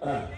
Ah.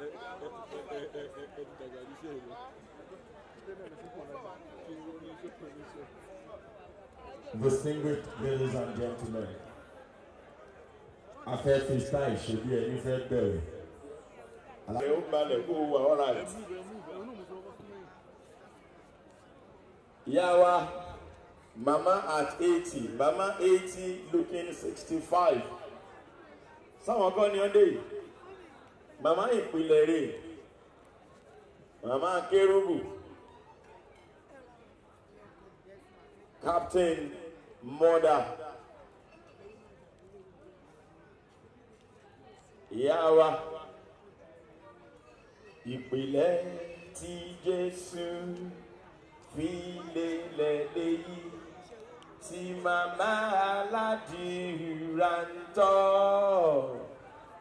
ẹni dàgbà Distinguished ladies and gentlemen, a fẹ́ fi style ṣe bí ẹni fẹ́ bẹ̀rẹ̀. Àlàyé ó balẹ̀ kó wà ọ́ra rẹ̀. Ìyá wa, mama at eighty, mama eighty looking sixty-five. Sáwọn kan ni ọ́ dé yìí. Mama ìpìlẹ̀ rè Mama kérúbù captain mọ́dà ìyá wa ìpìlẹ̀ tí Jésù fi lélẹ̀ léyìí tí màmá aládìrà ń tọ́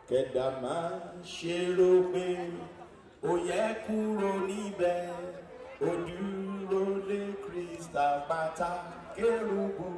kẹ̀dá máa ṣe rò pé ó yẹ kúrò níbẹ̀ ó dúró Krista pátá kérúbù.